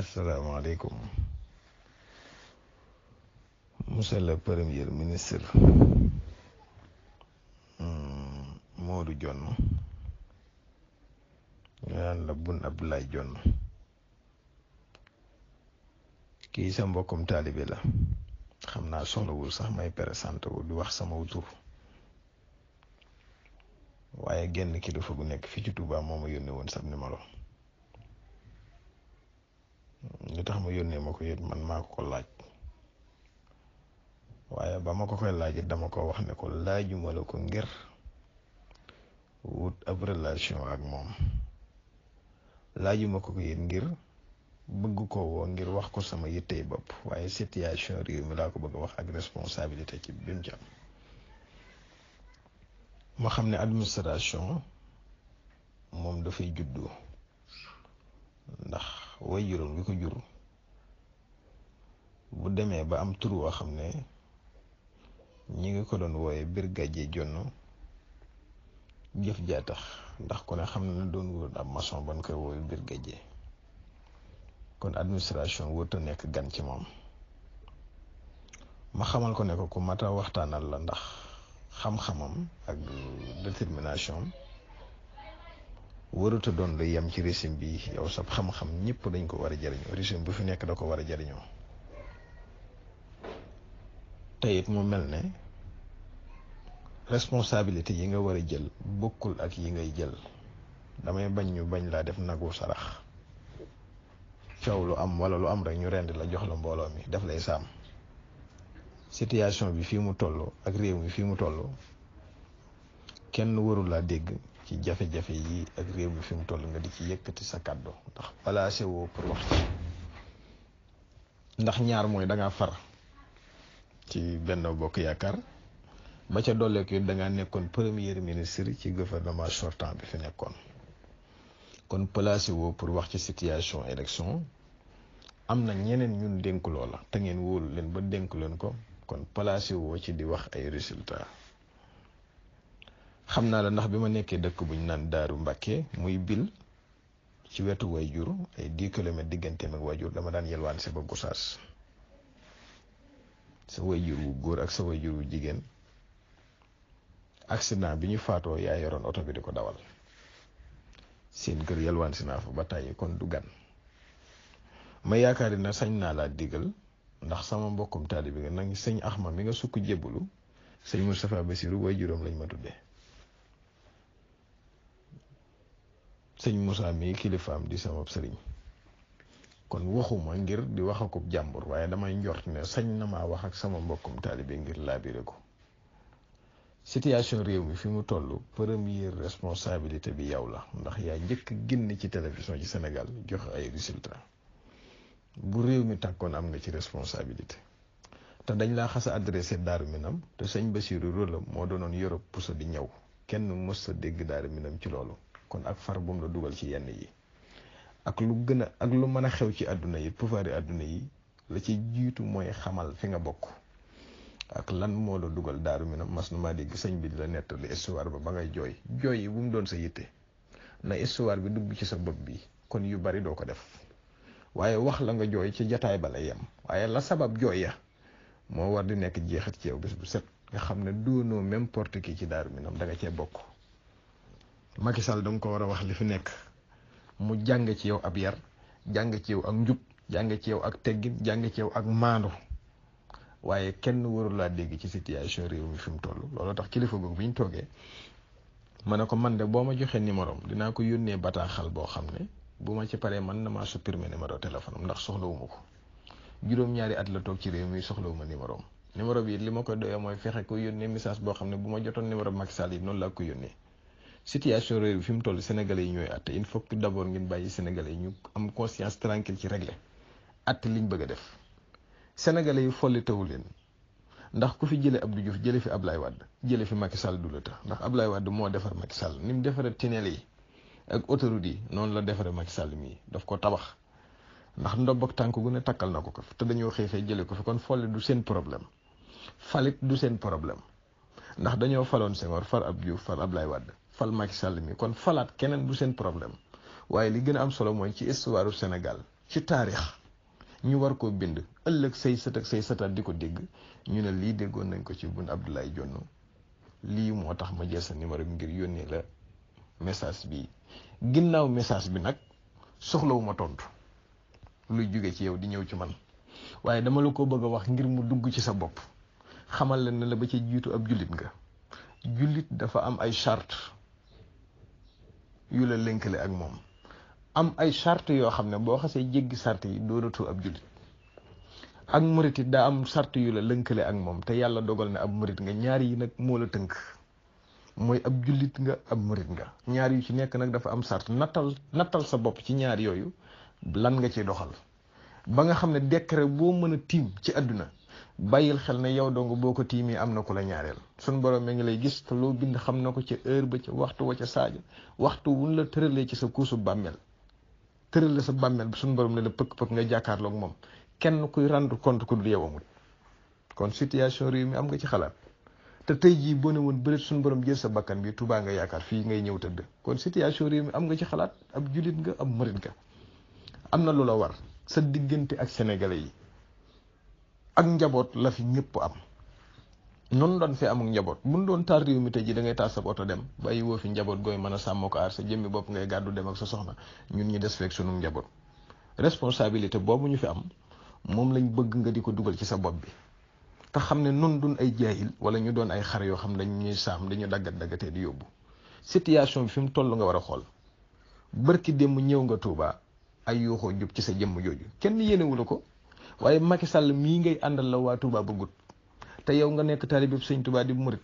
asalaamaaleykum monsieur le premier ministre jon hmm, Dione ñu naan la Boun Abdallah Dione kii sa mbokkum taalibe la xam naa soxlawul sax may présenté wu di wax sama tur waaye genn kilifa gu nekk fii ci Touba moo ma yónnee woon sab numéro li tax ma yónnee ma ko yit man maa ko ko laaj waaye ba ma ko koy laaj dama ko wax ne ko laajuma la ko ngir wut ab relation ak moom laajuma ko ko yit ngir bëgg ko woo ngir wax ko sama yittey bopp waaye situation réew mi laa ko bëgg a wax ak responsabilité ci bi mu ci ma xam ne administration moom dafay juddu ndax waajuram wi ko jur bu demee ba am tur woo xam ne ñi ngi ko doon wooye biir gàjje jonn jëf jaa tax ndax ku ne xam na doon woon ab maçon ban koy wooyu biir gàjje kon administration wërta nekk gan ci moom ma xamal ko ne ko ku mata waxtaanal la ndax xam-xamam ak détermination warut doon lu yem ci régime bi yow sab xam-xam ñëpp dañ ko war a jëriñoo régime bu fi nekk da ko war a jëriñoo te mu mel ne responsabilité yi nga war a jël bokkul ak yi ngay jël damay bañ ñu bañ laa def nagu sarax coow lu am wala lu am rek ñu rend la jox la mbooloo mi def lay saam situation bi fii mu toll ak réew mi fii mu toll kenn warul laa dégg ci jafe-jafe yi ak réew mi fi mu toll nga di ci yëkkati sa kàddu ndax placé woo pour wax ci ndax ñaar mooy da ngaa far ci benn bokk yaakaar ba ca dolleeku it da ngaa nekkoon premier ministre ci gouvernement sortant bi fi nekkoon kon placé woo pour wax ci situation élection am na ñeneen ñun dénk loola te ngeen wóolu leen ba dénk leen ko kon placé woo ci di wax ay résultats xamna la ndax bima nekké dekk buñ naan daru mbacké muy bil ci wetu wayjur ay 10 km digënté mak wayjur dama daan yelwaan sa ba gosaas sa wayjur wu goor ak sa wayjur wu jigen accident biñu faato ya yoron auto bi diko dawal seen gër yelwaan si fa ba tàyyi kon du gan ma na sañ na la digal ndax sama mbokkum talibi nga nag sëñ axma mi nga sukk jébulu sëñ mustapha Bassirou lañ ma tuddee sëñ Moussa mii kilifaam di sama sëriñ kon waxuma ngir di wax akub jàmbur waaye damay njort ne sañ na maa wax ak sama mbokkum taalibe ngir laabire ko situation réew mi fi mu toll première responsabilité bi yow la ndax yaa njëkk génn ci télévision ci Sénégal jox ay résultats bu réew mi tàkkoon am nga ci responsabilité te dañ laa xasa a adressé daaru minam te sëñ Basiru rolam moo doonoon Europe pusa di ñaw kenn mës sa dégg daaru minam ci loolu kon ak far bum la dugal ci yenn yi ak lu gën a ak lu mën a xew ci àdduna yi pouvoiri àdduna yi la ci jiitu mooy xamal fi nga bokk ak lan moo la dugal daaru mi na mas na maa dégg sëñ bi di la li histoire ba ba ngay joy jooy don bu mu doon sa yitte na histoire bi dugg ci sa bopp bi kon yu bari doo ko def waaye wax la nga jooy ci jataay ba la yem waaye la sabab jooy ya moo war di nekk jeexat ci yow bis bu set nga xam ne doonoo même porte ki ci daaru minam da nga cee bokk Macky Sall da ko war a wax li fi nekk mu jàng ci yow ab yar jàng ci yow ak njub jàng ci yow ak teggin jàng ci yow ak maandu waaye kenn warul laa dégg ci situation réew mi fi mu toll looloo tax kilifa googu ñu toogee ma ne ko man de boo ma joxee numéro dinaa ko yónnee bataaxal boo xam ne bu ma ci paree man na maa supprimer numéro téléphone am ndax soxlawuma ko juróom-ñaari at la toog ci réew mi soxlawuma numéro am numéro bi li ma ko doyee mooy fexe ko yónnee message boo xam ne bu ma jotoon numéro Macky Sall yi noonu laa ko yónnee. situation réew fi mu toll Sénégalais yi ñooy àtte il faut que d'abord ngeen bàyyi Sénégalais yi ñu am conscience tranquille ci régler àtte liñ bëgg a def Sénégalais yi folli tawu leen ndax ku fi jëlee Abdou Diouf jëlee fi Ablaye Wade jëlee fi Macky Sall du la tax ndax Ablaye Wade moo defar mag Sall ni mu defaree tunnel yi ak autoroute yi noonu la defaree mag sàll mii daf ko tabax ndax ndobog tànk gu ne takkal na ko ko te dañoo xeexee jëlee ko fi kon folli du seen problème falit du seen problème ndax dañoo faloon Senghor far Abdou Diouf far Ablaye Wade fal Macky Sall mi kon falaat keneen du seen problème waaye li gën a am solo mooy ci histoire senegal ci taarix ñu war koo bind ëllëg say sët ak say sëtaat di ko dégg ñu ne lii déggoon nañ ko ci Boun Abdallah Dionne lii moo tax ma jël sa numéro bi ngir yónnee la message bi ginnaaw message bi nag soxlawuma tontu lu jóge ci yow di ñëw ci man waaye dama la ko bëgg a wax ngir mu dugg ci sa bopp xamal la ne la ba ci jiitu ab jullit nga jullit dafa am ay charte yu la lënkale ak moom am ay charte yoo xam ne boo xasee jéggi charte yi doodatoo ab jullit ak murit it daa am charte yu la lënkale ak moom te yàlla dogal na ab morit nga ñaar yi nag moo la tënk mooy ab jullit nga ab murit nga ñaar yu ci nekk nag dafa am charte nattal nattal sa bopp ci ñaar yooyu lan nga ciy doxal ba nga xam ne décret boo mën a tiim ci àdduna bàyyil xel ne yow dong boo ko tiimee am na ko la ñaareel sun borom mi ngi lay gis te loo bind xam na ko ca heure ba ca waxtu wa ca saaja waxtu wuñ la tëralee ci sa kuusu bàmmeel tëralee sa bàmmeel sun borom ne la pëkk-pëkk nga jàkkaarloog moom kenn kuy rendre compte ko dul yow amul kon situation réew mi am nga ci xalaat te tey jii boo ne woon bëreet borom jël sa bakkan bi Tuubaa yaakaar fii ngay ñëw tëdd kon situation réew mi am nga ci xalaat ab jullit nga ab murit nga am na lu la war sa diggante ak sénégalais yi ak njaboot la fi ñëpp am noonu doon fi amul njaboot buñ doon taal réew mi tey ji da ngay taal sa oto dem bàyyi woo fi njaboot gooy mën a sàmmoo ko aar sa jëmmi bopp ngay gàddu ak sa soxna ñun ñu des feeg njaboot responsabilité boobu ñu fi am moom lañ bëgg nga di ko dugal ci sa bopp bi te xam ne nun duñ ay jaahil wala ñu doon ay xar yoo xam dañ ñuy saam dañu daggat daggatee di yóbbu situation bi fi mu toll nga war a xool barki démb ñëw nga tuubaa ay yuuxoo jub ci sa jëmm jooju kenn yéenewula ko waaye Macky Sall mii ngay àndal la waa Touba bëggut te yow nga nekk taalibeb sëñ Touba di murit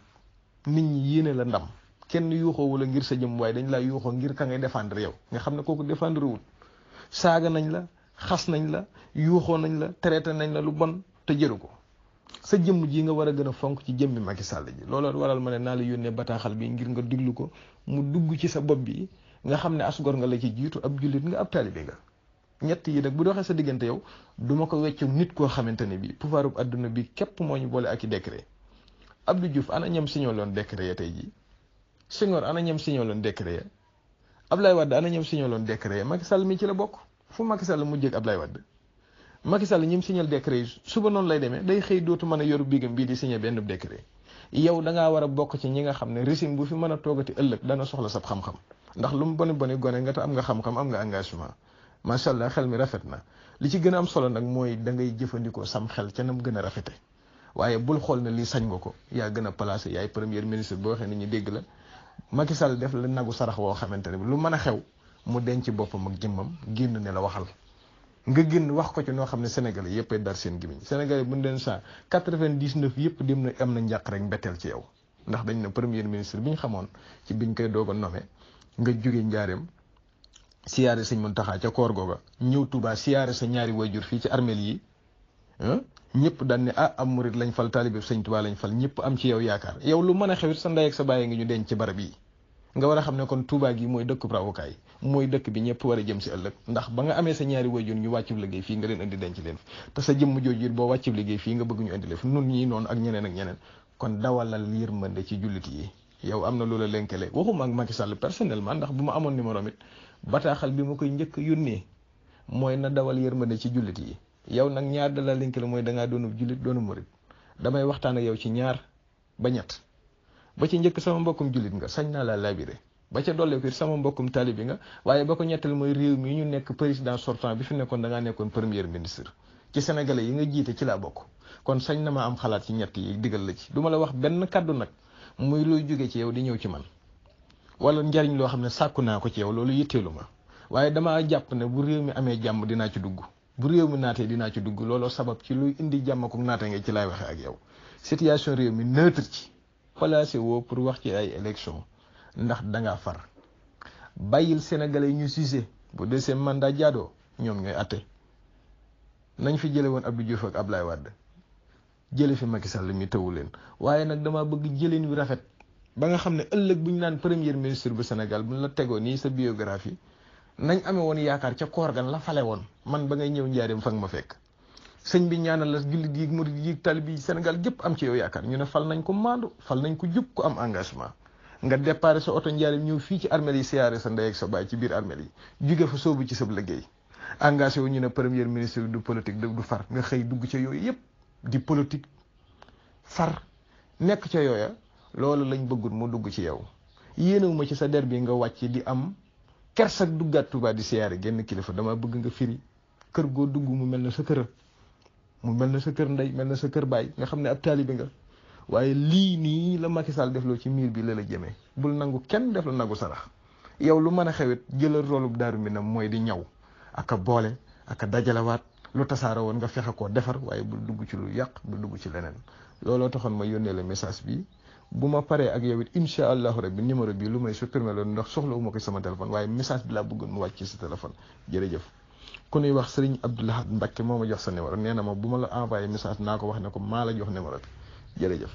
nit ñi yéene la ndam kenn yuuxoo wala ngir sa jëm waaye dañ laa yuuxoo ngir ka ngay défendre yow nga xam ne kooku défendre wut saaga nañ la xas nañ la yuuxoo nañ la traité nañ la lu bon te jëru ko sa jëmm ji nga war a gën a fonk ci jëmmi Macky Sall ji looloo waral ma ne naa la yónnee bataaxal bi ngir nga diglu ko mu dugg ci sa bopp bi nga xam ne asgor nga la ci jiitu ab jullit nga ab taalibe nga ñett yi nag bu doxee sa diggante yow duma ko weccu nit koo xamante ne bii pouvoir bu àdduna bi képp moo ñu boole ak i décret Abdou Diouf ana ñam signé loon décret ya tey jii Senghor ana ñam signé loon décret ya Ablaye Wade ana ñam signé loon décret ya Sall mi ci la bokk fu Macky Sall mu jég Ablaye Wade Macky Sall ñim signal décret yi suba noonu lay demee day xëy dootu mën a yoru biigam bii di signé benn décret yow da ngaa war a bokk ci ñi nga xam ne régime bu fi mën a toogati ëllëg dana soxla sab xam-xam ndax lu mu boni boni gone nga te am nga xam-xam am nga engagement macha allah xel mi rafet na li ci gën a am solo nag mooy da ngay jëfandikoo sam xel ca nam gën a rafete waaye bul xool ne lii sañ nga ko yaa gën a placé yaay première ministre boo waxee ni ñu dégg la Macky Sall def la nagu sarax woo xamante ne lu mën a xew mu denc boppam ak jëmmam génn ne la waxal nga génn wax ko ci noo xam ne sénégalais yëpp ay dar seen gémmiñ sénégalais bu ñu leen saa 99 yëpp dem na am na njàq rek mbetteel ci yow ndax dañ ne premier ministre bi ñu xamoon ci bi biñ koy doog a nommé nga jóge njaareem siyaare sëñ Muntaxa ca koor googa ñëw tuba siyaare sa ñaari wayjur fii ci armel yi ah, ñëpp daan ne ah am murit lañ fal taalibe sëñ tuba lañ fal ñëpp am ci yow yaakaar yow lu mën a xewit sa ndey ak sa bàyyi nga ñu denc ci barab yi nga war a ne kon tuba gi mooy dëkk mooy dëkk bi ñëpp war jëm si ëllëg ndax ba nga amee sa ñaari wayjur ñu wàccub liggéey fii nga leen indi denc leen te sa jëmm jooju boo liggéey fii nga bëgg ñu indi leen nun ñii noonu ak ñeneen ak ñeneen kon dawalal yërmande ci jullit yi yow am na loola lenkale waxuma ak Macky Sall personnellement ndax bu ma numéro mit bataaxal bi ma koy njëkk yónnee mooy na dawal yërmande ci jullit yi yow nag ñaar da la la mooy da ngaa doonu jullit doonu murit damay waxtaan ak yow ci ñaar ba ñett ba ci njëkk sama mbokkum jullit nga sañ naa laa labiré ba ca dolleeku it sama mbokkum taalibi nga waaye ba ko ñettal mooy réew mi ñu nekk président sortant bi fi nekkoon da nekkoon premier ministre ci sénégalais yi nga jiite ci laa bokk kon sañ na ma am xalaat ci ñett yi digal la ci duma la wax benn kàddu nag muy luy jóge ci yow di ñëw ci man wala njariñ loo xam ne sàkku naa ko ci yow loolu yitteelu ma waaye damaa jàpp ne bu réew mi amee jàmm dinaa ci dugg bu réew mi naatee dinaa ci dugg looloo sabab ci luy indi jàmm ko naate nga ci laay waxee ak yow situation réew mi neutre ci placé woo pour wax ci ay élection ndax danga far bàyyil sénégalais yi ñu suisé bu deuxième mandat jaadoo ñoom ñooy atte nañ fi jële woon Abdou Diouf ak Ablaye Wade jële fi Macky Sall mi tëwu leen waaye nag dama bëgg jëleen wi rafet ba nga xam ne ëllëg bu ñu naan premier ministre bu Sénégal bu ñu la tegoo nii sa biographie nañ amee woon yaakaar ca koor gan la fale woon man ba ngay ñëw njaareem fang ma fekk sëñ bi ñaanal la jullit yi murid yi talib yi Sénégal gépp am ci yow yaakaar ñu ne fal nañ ko maandu fal nañ ko jub ko am engagement nga déparé sa oto njaareem ñëw fii ci armel yi siyaare sa ndey ak sa baay ci biir armel yi jóge fa soobu ci sab liggéey engagé wu ñu ne premier ministre du politique du far nga xëy dugg ca yooyu yëpp di politique far nekk ca yooya loolu lañ bëggul mu dugg ci yow yéenewuma ci sa der bii nga wàcc di am kersak duggaat Tuuba di siyaare génn kilifa dama bëgg nga firi kër goo dugg mu mel na sa kër mu mel na sa kër ndey mel na sa kër baay nga xam ne ab taalibe nga waaye lii nii la Macky defloo ci miir bii la la jëmee bul nangu kenn def la nagu sarax yow lu mën a xewit jëlal roolub daaru mi nam mooy di ñaw ak a boole ak dajalewaat lu tasaara woon nga fexe koo defar waaye bul dugg ci lu yàq bul dugg ci leneen looloo taxoon ma yónnee la message bi bu ma paree ak yow it incha allahu rabbi numéro bi lu may supprimer la ndax soxla uma ko sama téléphone waaye message bi laa bëggoon mu wàcc sa téléphone jërëjëf ku nuy wax sëriñ Abdoulahat Mbacke moo ma jox sa numéro nee na ma bu ma la envoyé message naa ko wax ne ko maa la jox numéro bi jërëjëf